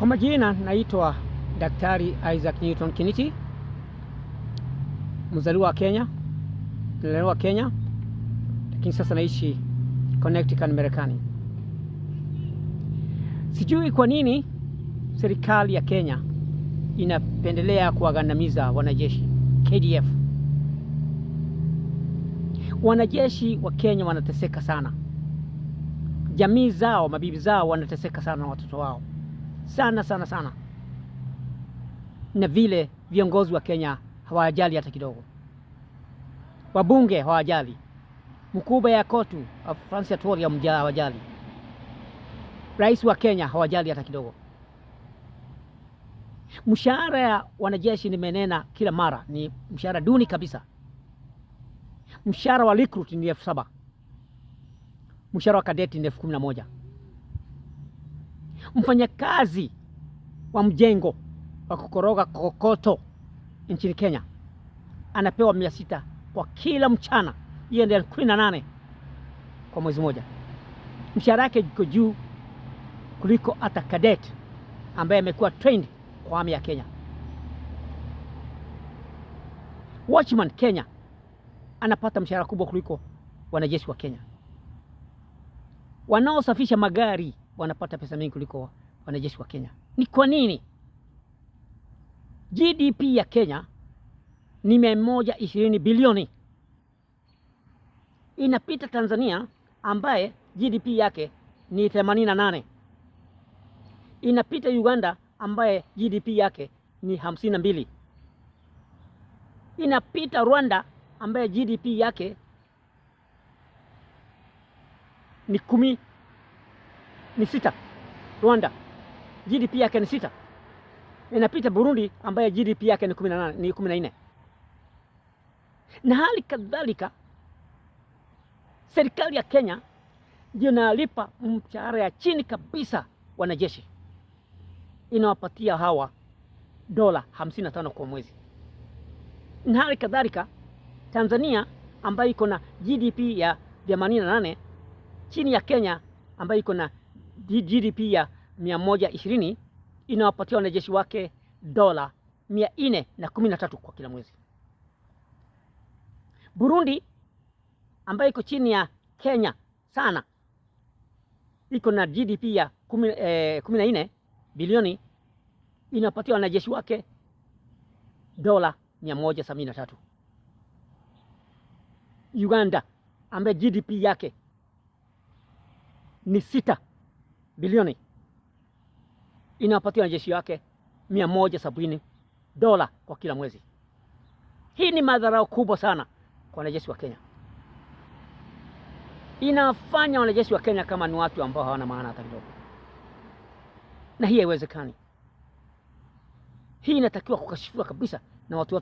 Kwa majina naitwa Daktari Isaac Newton Kiniti, mzaliwa wa Kenya, nilizaliwa Kenya, lakini sasa naishi Connecticut, Marekani. Sijui kwa nini serikali ya Kenya inapendelea kuwagandamiza wanajeshi KDF. Wanajeshi wa Kenya wanateseka sana, jamii zao, mabibi zao wanateseka sana na watoto wao sana sana sana, na vile viongozi wa Kenya hawajali hata kidogo, wabunge hawajali, mkubwa ya kotu uh, Francis Atwoli hawajali, rais wa Kenya hawajali hata kidogo. Mshahara ya wanajeshi nimenena kila mara ni mshahara duni kabisa. Mshahara wa recruit ni elfu saba mshahara wa kadeti ni elfu kumi na moja mfanyakazi wa mjengo wa kukoroga kokoto nchini Kenya anapewa mia sita kwa kila mchana, hiyo ndio kumi na nane kwa mwezi mmoja. Mshahara yake iko juu kuliko hata cadet ambaye amekuwa trained kwa ami ya Kenya. Watchman Kenya anapata mshahara kubwa kuliko wanajeshi wa Kenya wanaosafisha magari wanapata pesa mingi kuliko wanajeshi wa Kenya. Ni kwa nini? GDP ya Kenya ni mia moja ishirini bilioni, inapita Tanzania ambaye GDP yake ni 88, inapita Uganda ambaye GDP yake ni 52, inapita Rwanda ambaye GDP yake ni kumi ni sita. Rwanda GDP yake ni sita, inapita Burundi ambaye GDP yake ni kumi na nane, ni kumi na nne. Na hali kadhalika serikali ya Kenya ndio inalipa mshahara ya chini kabisa wanajeshi, inawapatia hawa dola 55 kwa mwezi. Na hali kadhalika Tanzania ambayo iko na GDP ya 88 chini ya Kenya ambayo iko na GDP ya mia moja ishirini inawapatia wanajeshi wake dola mia na kumi na tatu kwa kila mwezi. Burundi ambayo iko chini ya Kenya sana iko na GDP ya kumi eh, na eh, bilioni inapatia wanajeshi wake dola mia moja sabini na tatu. Uganda ambaye GDP yake ni sita bilioni inapatia wanajeshi wake mia moja sabini dola kwa kila mwezi. Hii ni madharau kubwa sana kwa wanajeshi wa Kenya. Inafanya wanajeshi wa Kenya kama ni watu ambao hawana maana hata kidogo, na hii haiwezekani. Hii inatakiwa kukashifiwa kabisa na watu wote.